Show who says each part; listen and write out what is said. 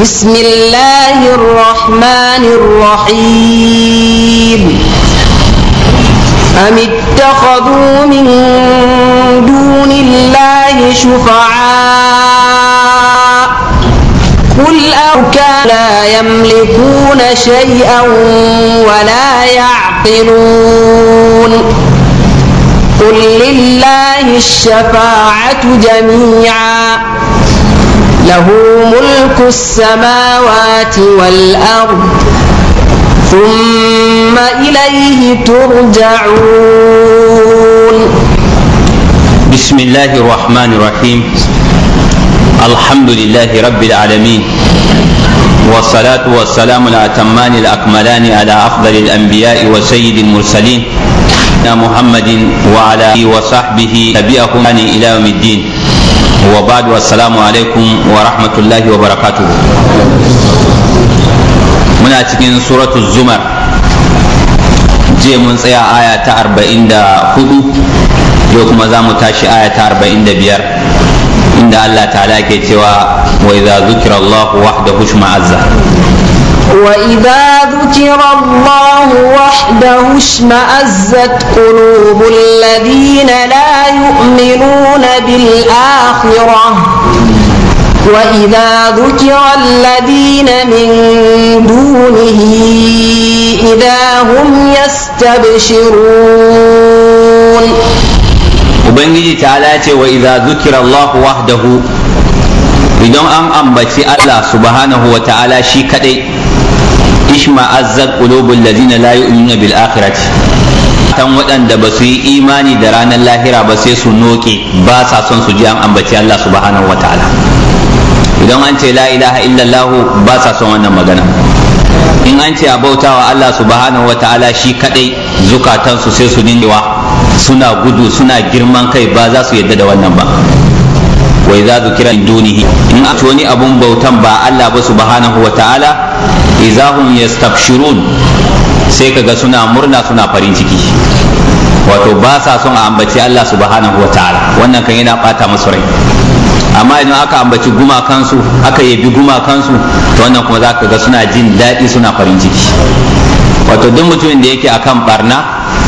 Speaker 1: بسم الله الرحمن الرحيم أم اتخذوا من دون الله شفعاء قل كان لا يملكون شيئا ولا يعقلون قل لله الشفاعة جميعا له ملك السماوات والأرض ثم إليه ترجعون بسم الله الرحمن الرحيم الحمد لله رب العالمين والصلاة والسلام الأتمان الأكملان على أفضل الأنبياء وسيد المرسلين محمد وعلى آله وصحبه تبعهم إلى يوم الدين wa ba'du assalamu alaikum wa rahmatullahi wa barakatu. muna cikin suratu zumar je mun tsaya aya ta 44 yau kuma za mu tashi aya ta biyar. inda Allah ta'ala ke cewa waiza zukirallahu zukira Allah wahdahu ذكر الله وحده اشمأزت قلوب الذين لا يؤمنون بالآخرة وإذا ذكر الذين من دونه إذا هم يستبشرون وبنجي تعالى وإذا ذكر الله وحده إذا أم أم بتي الله سبحانه وتعالى shi ishma'azzat qulubul ladina la yu'minuna bil akhirati tan waɗanda ba su yi imani da ranar lahira ba sai su noke ba sa son su ji an ambaci Allah subhanahu wataala idan an ce la ilaha illallah ba sa son wannan magana in an ce a bautawa Allah subhanahu wataala shi kadai su sai su dingewa suna gudu suna girman kai ba za su yadda da wannan ba wai za su kira dunihi in a wani abun bautan ba Allah ba subhanahu wa ta'ala izahum yastabshirun sai kaga suna murna suna farin ciki wato ba sa son a ambaci Allah subhanahu wa ta'ala wannan kan yana bata musu rai amma idan aka ambaci kansu aka yabi gumakansu to wannan kuma za ka ga suna jin daɗi suna farin ciki wato duk mutumin da yake akan barna